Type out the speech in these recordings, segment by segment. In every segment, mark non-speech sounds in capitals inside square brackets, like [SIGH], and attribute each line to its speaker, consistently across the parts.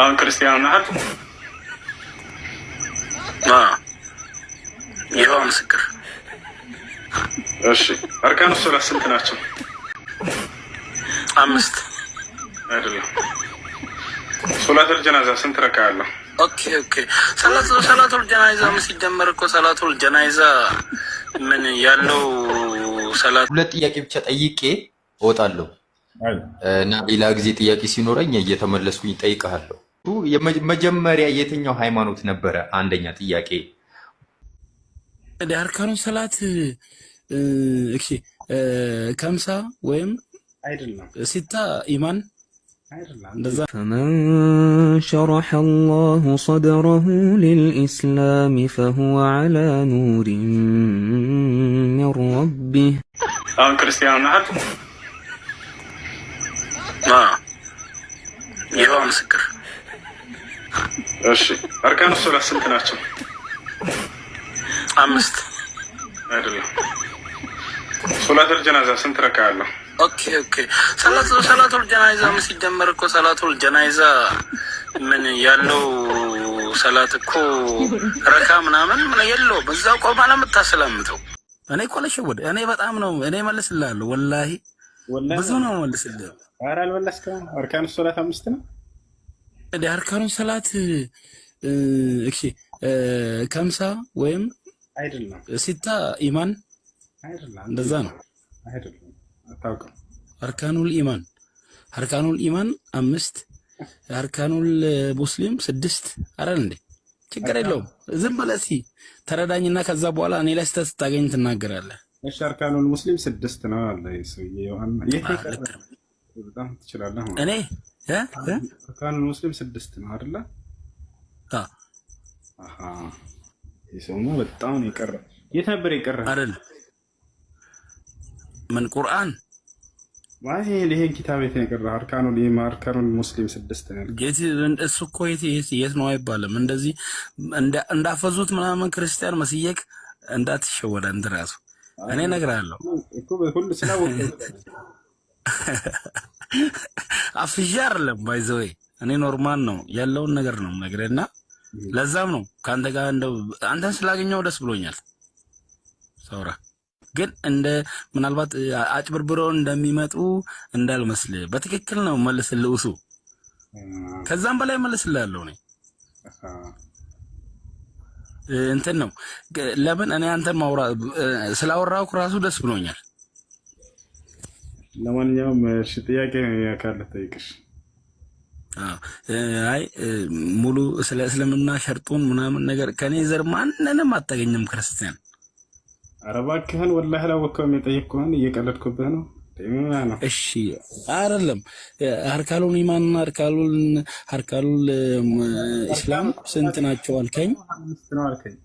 Speaker 1: አሁን ክርስቲያኑ ናት።
Speaker 2: ይኸው ምስክር።
Speaker 1: እሺ አርካኑ ሶላት ስንት ናቸው? አምስት አይደለም። ጀናዛ ስንት ረካ አለው?
Speaker 2: ኦኬ ኦኬ። ሰላቱል ጀናይዛ ምን ሲጀመር እኮ ሰላቱል ጀናይዛ ምን ያለው ሰላት።
Speaker 3: ሁለት ጥያቄ ብቻ ጠይቄ እወጣለሁ እና ሌላ ጊዜ ጥያቄ ሲኖረኝ እየተመለስኩኝ ጠይቀሃለሁ። መጀመሪያ የትኛው ሃይማኖት ነበረ? አንደኛ ጥያቄ
Speaker 2: ዳርካኑን ሰላት እሺ፣ ከምሳ ወይም አይደለም ሲታ ኢማን
Speaker 4: فمن شرح الله صدره للإسلام فهو على نور من ربه
Speaker 1: አሁን ክርስቲያን ናት።
Speaker 2: ይኸው ምስክር
Speaker 1: እሺ አርካኑ ሶላት ስንት ናቸው? አምስት አይደለም። ስንት ረካ አለው?
Speaker 2: ኦኬ ኦኬ። ሰላቱል ጀናዛ ምን እኮ ምን ያለው ሰላት እኮ ረካ ምናምን ምን የለውም። እዛ ቆማ ነው እኔ እኮ ለሸወደ እኔ በጣም ነው እኔ መልስላለሁ። ወላሂ ብዙ ነው መልስልህ።
Speaker 1: ኧረ አልመለስክም። አርካኑ ሶላት አምስት ነው
Speaker 2: አርካኑን ሰላት እሺ፣ ከምሳ ወይም አይደለም ሲታ ኢማን አይደለም፣ እንደዛ ነው
Speaker 1: አይደለም። አታውቅም።
Speaker 2: አርካኑል ኢማን አርካኑል ኢማን አምስት፣ አርካኑል ሙስሊም ስድስት። አረን እንዴ ችግር የለውም። ዝም ብለህ እስኪ ተረዳኝና ከዛ በኋላ እኔ ላይ ስታገኝ ትናገራለህ።
Speaker 1: እሺ፣ አርካኑል ሙስሊም ስድስት ነው አለ ሰውዬ
Speaker 2: ዮሐንስ በጣም ትችላለህ። እኔ
Speaker 1: አርካኑል ሙስሊም ስድስት ነው አይደለ? የሰውማ በጣም ነው የቀረ። የት ነበር የቀረ?
Speaker 2: አይደለ ምን ቁርአን
Speaker 1: ይሄን ኪታብ የት ነው የቀረ? አርካኑል አርካኑል ሙስሊም ስድስት ነው።
Speaker 2: እሱ እኮ የት ነው አይባልም። እንደዚህ እንዳፈዙት ምናምን ክርስቲያን መስየቅ እንዳትሸወደ እንትን እራሱ እኔ እነግርሃለሁ
Speaker 1: [LAUGHS]
Speaker 2: አፍዣ አይደለም ባይዘወይ እኔ ኖርማል ነው ያለውን ነገር ነው የምነግርህ እና ለዛም ነው ከአንተ ጋር እንደው አንተን ስላገኘው ደስ ብሎኛል። ሰውራ ግን እንደ ምናልባት አጭብርብረው እንደሚመጡ እንዳልመስል በትክክል ነው መልስ ልውሱ ከዛም በላይ መልስልሃለሁ ነኝ እንትን ነው ለምን እኔ አንተን ማውራ ስላወራሁ እራሱ ደስ ብሎኛል።
Speaker 1: ለማንኛውም እሺ፣ ጥያቄ ካለ ጠይቅሽ።
Speaker 2: አይ ሙሉ ስለ እስልምና ሸርጡን ምናምን ነገር ከኔ ዘር ማንንም አታገኝም ክርስቲያን።
Speaker 1: ኧረ እባክህን ወላሂ አላወቅኸውም። የጠየቅኩህን እየቀለድኩብህ ነው።
Speaker 2: እሺ አይደለም። አርካሉን ኢማንና አርካሉን አርካሉል ኢስላም ስንት ናቸው አልከኝ?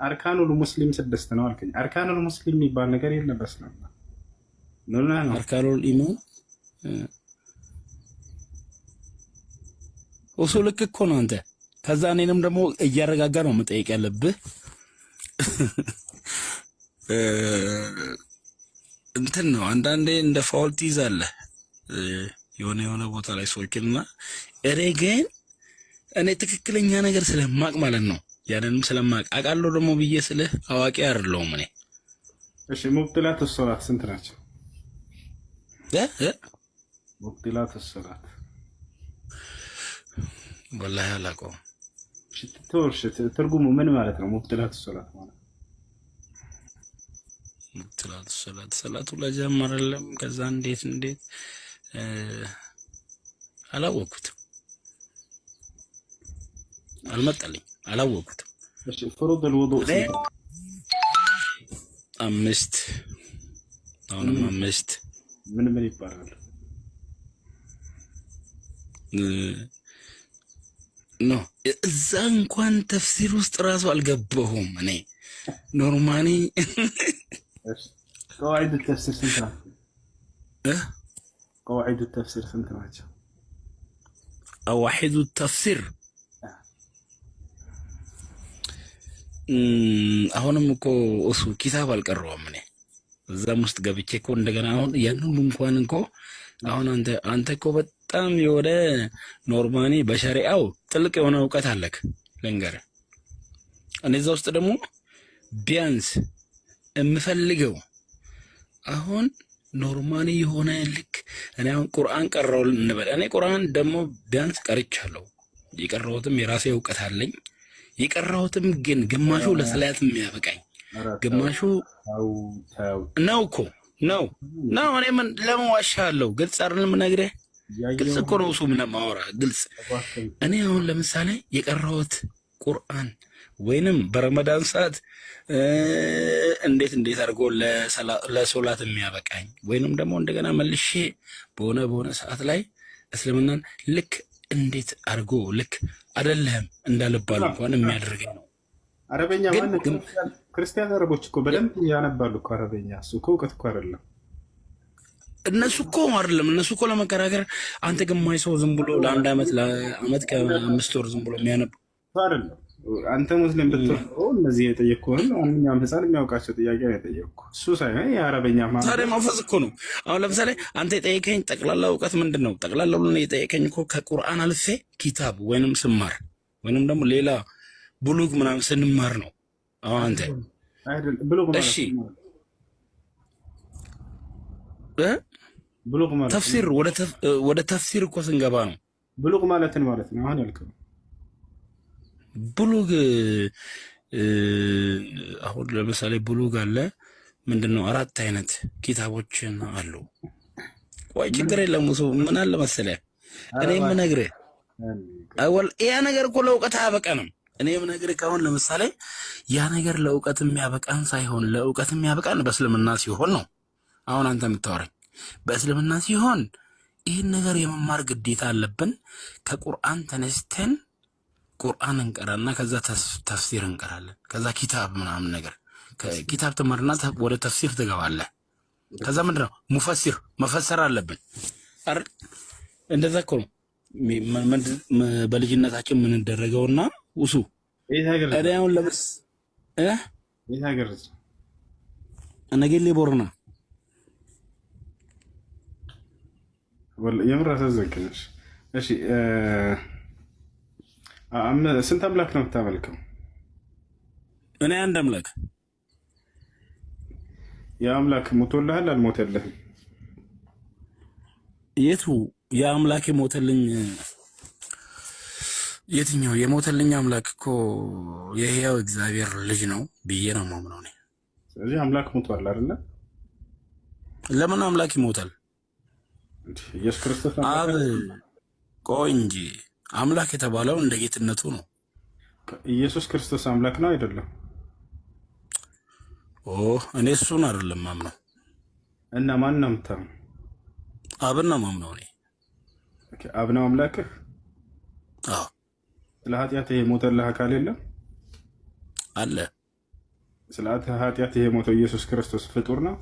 Speaker 1: አርካኑል ሙስሊም ስድስት ነው አልከኝ። አርካኑል ሙስሊም የሚባል ነገር የለም በእስልምና
Speaker 2: አርካኑል ኢማን እሱ ልክ እኮ ነው አንተ። ከዛ እኔንም ደግሞ እያረጋጋ ነው መጠየቅ ያለብህ። [LAUGHS] eh, እንትን ነው አንዳንዴ እንደ ፋውል ትይዛለህ eh, የሆነ የሆነ ቦታ ላይ ሶኪልና እሬ ግን እኔ ትክክለኛ ነገር ስለማቅ ማለት ነው ያንንም ስለማቅ አውቃለሁ ደግሞ ብዬ ስልህ አዋቂ አይደለሁም እኔ።
Speaker 1: እሺ ሙብጥላት ሶላት ስንት ናቸው? ወቅቲላት እሰራት
Speaker 2: ወላሂ አላውቀውም።
Speaker 1: ሽትተወርሽ ትርጉሙ ምን ማለት ነው? ሙብትላት ሰላት ማለት
Speaker 2: ሙብትላት ሰላት ሰላቱ ለጀመር ከዛ እንዴት እንዴት አላወኩትም፣ አልመጣልኝ፣ አላወኩትም።
Speaker 1: ፍሩድ الوضوء
Speaker 2: አምስት አሁንም አምስት
Speaker 1: ምን ምን ይባላል?
Speaker 2: ኖ እዛ እንኳን ተፍሲር ውስጥ ራሱ አልገባሁም። እኔ ኖርማኒ
Speaker 1: ቀዋዒዱ ተፍሲር ስንት ናቸው? ቀዋዒዱ ተፍሲር ስንት ናቸው?
Speaker 2: ቀዋሒዱ ተፍሲር አሁንም እኮ እሱ ኪታብ አልቀረውም እኔ እዛም ውስጥ ገብቼ እኮ እንደገና አሁን ያን ሁሉ እንኳን እንኮ አሁን አንተ አንተ እኮ በጣም የሆነ ኖርማኒ በሸሪአው ጥልቅ የሆነ እውቀት አለክ እኔ እነዛ ውስጥ ደግሞ ቢያንስ የምፈልገው አሁን ኖርማኒ የሆነ ልክ እኔ አሁን ቁርአን ቀረው እንበል። እኔ ቁርአን ደግሞ ቢያንስ ቀርቻለሁ። የቀራሁትም የራሴ እውቀት አለኝ። የቀራሁትም ግን ግማሹ ለሰላት የሚያበቃኝ ግማሹ ነው እኮ ነው ነው። እኔ ምን ለመዋሻ አለው ግልጽ አይደለም ነግሬህ። ግልጽ እኮ ነው እሱ ምን ማወራ ግልጽ። እኔ አሁን ለምሳሌ የቀረሁት ቁርአን ወይንም በረመዳን ሰዓት እንዴት እንዴት አድርጎ ለሶላት የሚያበቃኝ ወይንም ደግሞ እንደገና መልሼ በሆነ በሆነ ሰዓት ላይ እስልምናን ልክ እንዴት አድርጎ ልክ አይደለህም እንዳልባል እንኳን የሚያደርገኝ ነው።
Speaker 1: ክርስቲያን አረቦች እኮ በደንብ ያነባሉ እኮ አረበኛ። እሱ እኮ እውቀት እኮ አይደለም።
Speaker 2: እነሱ እኮ አይደለም እነሱ እኮ ለመከራከር አንተ ግማሽ ሰው ዝም ብሎ ለአንድ ዓመት ለዓመት ከአምስት ወር ዝም ብሎ የሚያነብ
Speaker 1: አይደለም። አንተ ሙስሊም ብትሆን እነዚህ የጠየቅኩህን ማንኛውም ህፃን የሚያውቃቸው ጥያቄ ነው የጠየቅኩ። እሱ ሳይሆን የአረበኛ
Speaker 2: ታዲያ ማፈዝ እኮ ነው። አሁን ለምሳሌ አንተ የጠየቀኝ ጠቅላላ እውቀት ምንድን ነው? ጠቅላላ ሁሉ የጠየቀኝ እኮ ከቁርአን አልፌ ኪታብ ወይንም ስማር ወይንም ደግሞ ሌላ ቡሉግ ምናምን ስንማር ነው አንተ እሺ ተፍሲር ወደ ተፍሲር እኮ ስንገባ ነው።
Speaker 1: ብሉቅ ማለትን ማለት ነው። አሁን ያልከው
Speaker 2: ብሉግ አሁን ለምሳሌ ብሉግ አለ ምንድን ነው? አራት አይነት ኪታቦችን አሉ። ቆይ ችግር የለም ምን አለ መሰለህ እኔ የምነግርህ ያ ነገር እኮ ለእውቀት አያበቃንም። እኔ ነገር ከሆነ ለምሳሌ ያ ነገር ለእውቀት የሚያበቃን ሳይሆን ለእውቀት የሚያበቃን በእስልምና ሲሆን ነው። አሁን አንተ የምታወራኝ በእስልምና ሲሆን ይህን ነገር የመማር ግዴታ አለብን። ከቁርአን ተነስተን ቁርአን እንቀራና ከዛ ተፍሲር እንቀራለን። ከዛ ኪታብ ምናምን ነገር ከኪታብ ትመርና ወደ ተፍሲር ትገባለህ። ከዛ ምንድን ነው ሙፈሲር መፈሰር አለብን። እንደዛ እኮ ነው በልጅነታችን የምንደረገውና ውሱ እኔ አሁን ለምስ ነገሌ ቦርና
Speaker 1: የምር አሳዘግነሽ። እሺ ስንት አምላክ ነው የምታመልከው?
Speaker 2: እኔ አንድ አምላክ።
Speaker 1: የአምላክ ሞቶልሃል አልሞተልህም?
Speaker 2: የቱ የአምላክ ሞተልኝ የትኛው የሞተልኝ አምላክ እኮ የህያው እግዚአብሔር ልጅ ነው ብዬ ነው ማምነው።
Speaker 1: ስለዚህ አምላክ ሞቷል አይደለ?
Speaker 2: ለምን አምላክ ይሞታል? ኢየሱስ ክርስቶስ አብ ቆይ እንጂ አምላክ የተባለው እንደ ጌትነቱ ነው።
Speaker 1: ኢየሱስ ክርስቶስ አምላክ ነው አይደለም?
Speaker 2: ኦ እኔ እሱን አይደለም ማምነው።
Speaker 1: እና ማን ነው ምታ?
Speaker 2: አብን ነው ማምነው። እኔ
Speaker 1: አብ ነው አምላክህ? አዎ ስለ ኃጢአት የሞተልህ አካል የለም አለ። ስለ ኃጢአት የሞተው ኢየሱስ ክርስቶስ ፍጡር ነው?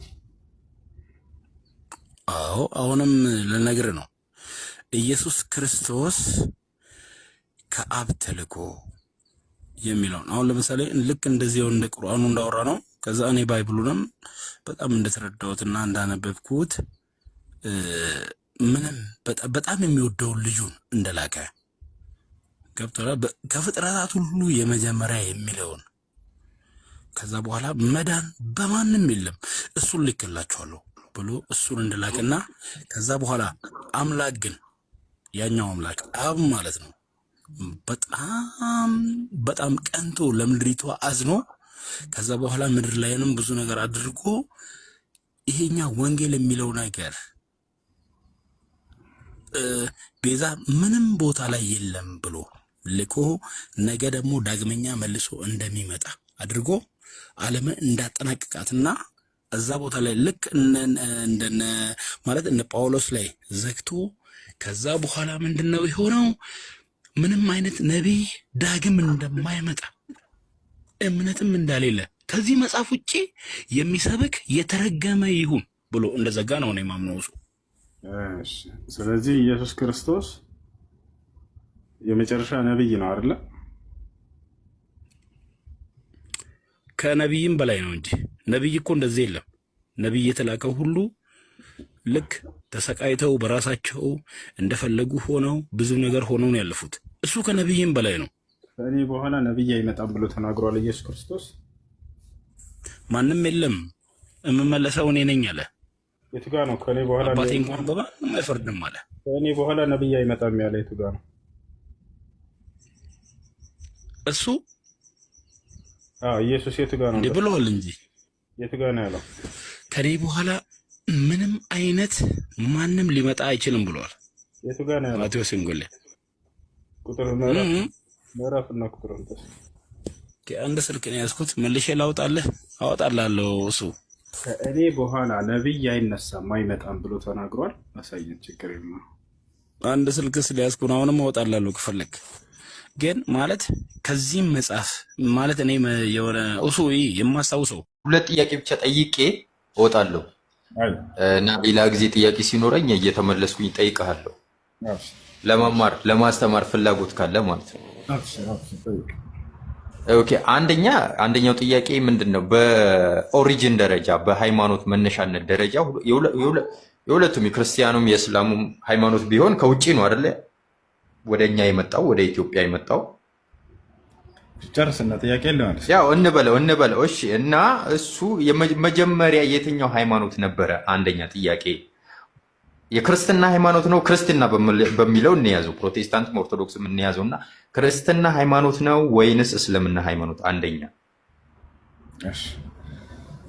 Speaker 2: አዎ፣ አሁንም ልነግር ነው። ኢየሱስ ክርስቶስ ከአብ ተልኮ የሚለውን አሁን ለምሳሌ ልክ እንደዚህ እንደ ቁርአኑ እንዳወራ ነው። ከዛ እኔ ባይብሉንም በጣም እንደተረዳሁትና እንዳነበብኩት ምንም በጣም የሚወደውን ልጁን እንደላከ ገብተላ ከፍጥረታት ሁሉ የመጀመሪያ የሚለውን ከዛ በኋላ መዳን በማንም የለም እሱን ልክላችኋለሁ ብሎ እሱን እንድላክና ከዛ በኋላ አምላክ ግን ያኛው አምላክ አብ ማለት ነው በጣም በጣም ቀንቶ ለምድሪቷ አዝኖ ከዛ በኋላ ምድር ላይንም ብዙ ነገር አድርጎ ይሄኛ ወንጌል የሚለው ነገር ቤዛ ምንም ቦታ ላይ የለም ብሎ ልኮ ነገ ደግሞ ዳግመኛ መልሶ እንደሚመጣ አድርጎ ዓለምን እንዳጠናቅቃትና እዛ ቦታ ላይ ልክ እንደነ ማለት እነ ጳውሎስ ላይ ዘግቶ ከዛ በኋላ ምንድን ነው የሆነው? ምንም አይነት ነቢይ ዳግም እንደማይመጣ እምነትም እንዳሌለ ከዚህ መጽሐፍ ውጭ የሚሰብክ የተረገመ ይሁን ብሎ እንደዘጋ ነው ነው የማምነው።
Speaker 1: ስለዚህ ኢየሱስ ክርስቶስ የመጨረሻ ነብይ ነው አይደለ?
Speaker 2: ከነብይም በላይ ነው እንጂ ነብይ እኮ እንደዚህ የለም። ነብይ የተላከው ሁሉ ልክ ተሰቃይተው በራሳቸው እንደፈለጉ ሆነው ብዙ ነገር ሆነው ነው ያለፉት። እሱ ከነብይም በላይ ነው።
Speaker 1: ከእኔ በኋላ ነብይ አይመጣም ብሎ ተናግሯል ኢየሱስ ክርስቶስ።
Speaker 2: ማንም የለም የምመለሰው እኔ ነኝ አለ።
Speaker 1: የቱ ጋ ነው ከእኔ
Speaker 2: በኋላ አባቴ እንኳን በማንም አይፈርድም አለ።
Speaker 1: ከእኔ በኋላ ነብይ አይመጣም ያለ የቱ ጋ ነው? እሱ ኢየሱስ የቱ ጋር
Speaker 2: ነው ብለዋል እንጂ
Speaker 1: የቱ ጋር ነው ያለው?
Speaker 2: ከኔ በኋላ ምንም አይነት ማንም ሊመጣ አይችልም ብለዋል። የቱ ጋር ነው ያለው? ማቴዎስ ንጎሌ
Speaker 1: ቁጥር ምዕራፍ እና ቁጥር
Speaker 2: አንድ ስልክ ነው ያዝኩት። መልሼ ላውጣለህ አወጣላለሁ። እሱ
Speaker 1: ከእኔ በኋላ ነቢይ አይነሳም አይመጣም ብሎ ተናግሯል። አሳየን። ችግር የለም።
Speaker 2: አንድ ስልክ ስለያዝኩን አሁንም አወጣላለሁ ከፈለግ ግን ማለት ከዚህም መጽሐፍ ማለት እኔ የሆነ እሱ የማስታውሰው
Speaker 3: ሁለት ጥያቄ ብቻ ጠይቄ እወጣለሁ እና ሌላ ጊዜ ጥያቄ ሲኖረኝ እየተመለስኩኝ ጠይቀሃለሁ። ለመማር ለማስተማር ፍላጎት ካለ ማለት ነው። አንደኛ አንደኛው ጥያቄ ምንድን ነው? በኦሪጂን ደረጃ በሃይማኖት መነሻነት ደረጃ የሁለቱም የክርስቲያኑም የእስላሙም ሃይማኖት ቢሆን ከውጭ ነው አደለ። ወደ እኛ የመጣው ወደ ኢትዮጵያ የመጣው
Speaker 1: ጨርስና ጥያቄ ልመልስ።
Speaker 3: ያው እንበለው እንበለው እሺ። እና እሱ መጀመሪያ የትኛው ሃይማኖት ነበረ? አንደኛ ጥያቄ የክርስትና ሃይማኖት ነው። ክርስትና በሚለው እንያዘው፣ ፕሮቴስታንትም ኦርቶዶክስም እንያዘው እና ክርስትና ሃይማኖት ነው ወይንስ እስልምና ሃይማኖት? አንደኛ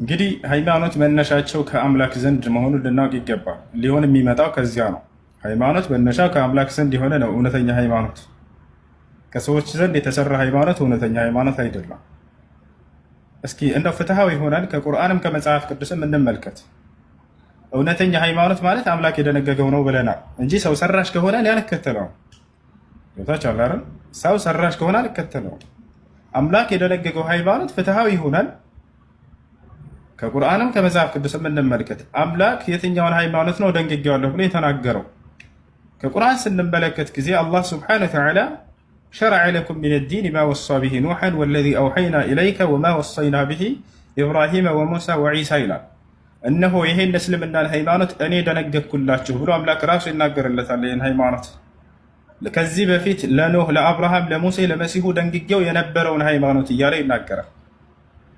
Speaker 1: እንግዲህ ሃይማኖት መነሻቸው ከአምላክ ዘንድ መሆኑን ልናውቅ ይገባል። ሊሆን የሚመጣው ከዚያ ነው። ሃይማኖት መነሻ ከአምላክ ዘንድ የሆነ ነው እውነተኛ ሃይማኖት። ከሰዎች ዘንድ የተሰራ ሃይማኖት እውነተኛ ሃይማኖት አይደለም። እስኪ እንደው ፍትሃዊ ይሆናል ከቁርአንም ከመጽሐፍ ቅዱስም እንመልከት። እውነተኛ ሃይማኖት ማለት አምላክ የደነገገው ነው ብለናል እንጂ ሰው ሰራሽ ከሆነ እኔ አልከተለውም። ታች አላረ ሰው ሰራሽ ከሆነ አልከተለውም። አምላክ የደነገገው ሃይማኖት ፍትሃዊ ይሆናል ከቁርአንም ከመጽሐፍ ቅዱስም እንመልከት። አምላክ የትኛውን ሃይማኖት ነው ደንግጌዋለሁ ብሎ የተናገረው? ከቁርአን ስንመለከት ጊዜ አላህ ስብሓነሁ ወተዓላ ሸረዐ ለኩም ሚነ ዲን ማ ወሳ ብሂ ኑሐን ወለዚ አውሐይና ኢለይከ ወማ ወሰይና ብሂ ኢብራሂመ ወሙሳ ወዒሳ ይላል። እነሆ ይሄን እስልምናን ሃይማኖት እኔ ደነገግኩላችሁ ብሎ አምላክ ራሱ ይናገርለታል። ይህን ሃይማኖት ከዚህ በፊት ለኖህ፣ ለአብርሃም፣ ለሙሴ፣ ለመሲሁ ደንግጌው የነበረውን ሃይማኖት እያለ ይናገራል።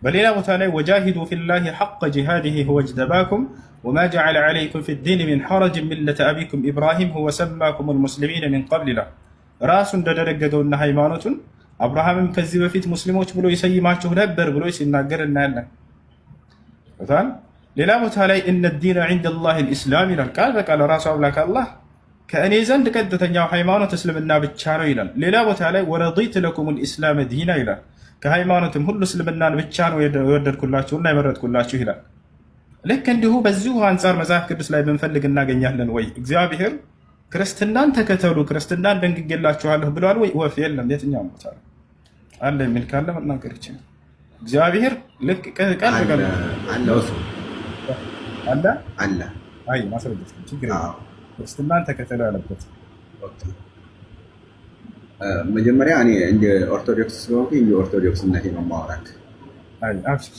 Speaker 1: بلغه ثاني وجاهدوا في الله حق جهاده هو اجتباكم وما جعل عليكم في الدين من حرج ملة أبيكم إبراهيم هو سماكم المسلمين من قبل له راس ددرجدون نهيمانوتون أبراهام كذب فيت مسلموش بلو يسي ما شو نبر بلو يسي ناقر النالة مثلا للا متالي إن الدين عند الله الإسلام إلى الكالب قال راس أولاك الله كأني زند كدت أن يوحيمانو تسلم النابت شارو إلى للا متالي ورضيت لكم الإسلام دين إلى ከሃይማኖትም ሁሉ እስልምናን ብቻ ነው የወደድኩላችሁና የመረጥኩላችሁ ይላል። ልክ እንዲሁ በዚሁ አንጻር መጽሐፍ ቅዱስ ላይ ብንፈልግ እናገኛለን ወይ? እግዚአብሔር ክርስትናን ተከተሉ ክርስትናን ደንግጌላችኋለሁ ብሏል ወይ? ወፍ የለም። የትኛው ቦታ አለ የሚል ካለ መናገር ይችላል። እግዚአብሔር ልክ ቀን በቀን አለ አለ። አይ ማስረጃ ክርስትናን ተከተሉ ያለበት
Speaker 2: መጀመሪያ እኔ እንደ ኦርቶዶክስ ስለሆንኩ እንደ ኦርቶዶክስነት ነው ማውራት።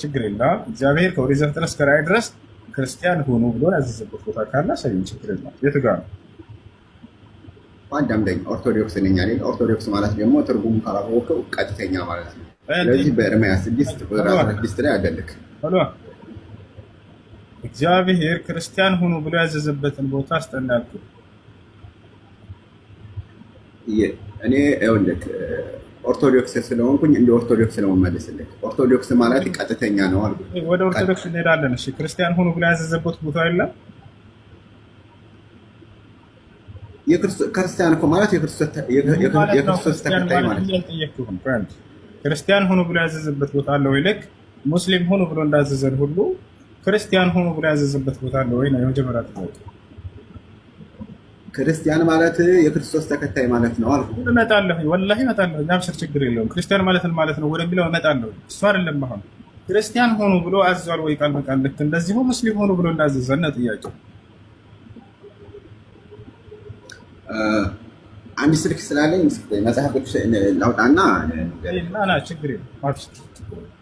Speaker 1: ችግር የለም። እግዚአብሔር ከኦሪት ዘፍጥረት እስከ ራዕይ ድረስ ክርስቲያን ሆኖ ብሎ ያዘዘበት ቦታ ካለ ሰይም ችግር የለም። የት ጋር ነው?
Speaker 2: አንዳም ኦርቶዶክስ ነኝ ኦርቶዶክስ ማለት ደግሞ ትርጉም ካላወቀው ቀጥተኛ ማለት ነው። ስለዚህ በኤርምያስ ስድስት ቁጥር ስድስት ላይ አደልክ
Speaker 1: እግዚአብሔር ክርስቲያን ሆኖ ብሎ ያዘዘበትን ቦታ አስጠናቅቁ
Speaker 2: እኔ ይኸውልህ ኦርቶዶክስ ስለሆንኩኝ እንደ ኦርቶዶክስ ነው መልስልህ። ኦርቶዶክስ ማለት ቀጥተኛ ነው
Speaker 1: አልኩህ። ወደ ኦርቶዶክስ እንሄዳለን። እሺ ክርስቲያን ሆኖ ብላ ያዘዘበት ቦታ የለም።
Speaker 2: ክርስቲያን እኮ ማለት የክርስቶስ
Speaker 1: ተከታይ ማለት ክርስቲያን ሆኖ ብሎ ያዘዘበት ቦታ አለ ወይ? ልክ ሙስሊም ሆኖ ብሎ እንዳዘዘን ሁሉ ክርስቲያን ሆኖ ብሎ ያዘዘበት ቦታ አለ ወይ ነው የመጀመሪያ ጥያቄ።
Speaker 2: ክርስቲያን ማለት የክርስቶስ ተከታይ ማለት ነው አልኩ።
Speaker 1: እመጣለሁ፣ ወላሂ እመጣለሁ። አብሽር፣ ችግር የለውም። ክርስቲያን ማለት ማለት ነው ወደሚለው እመጣለሁ። እሱ አይደለም አሁን ክርስቲያን ሆኑ ብሎ አዟል ወይ ቃል በቃል ልክ እንደዚሁ ሙስሊም ሆኑ ብሎ እንዳዘዘና ጥያቄው
Speaker 2: አንድ ስልክ ስላለኝ መጽሐፍ ላውጣና
Speaker 1: ና ችግር የለም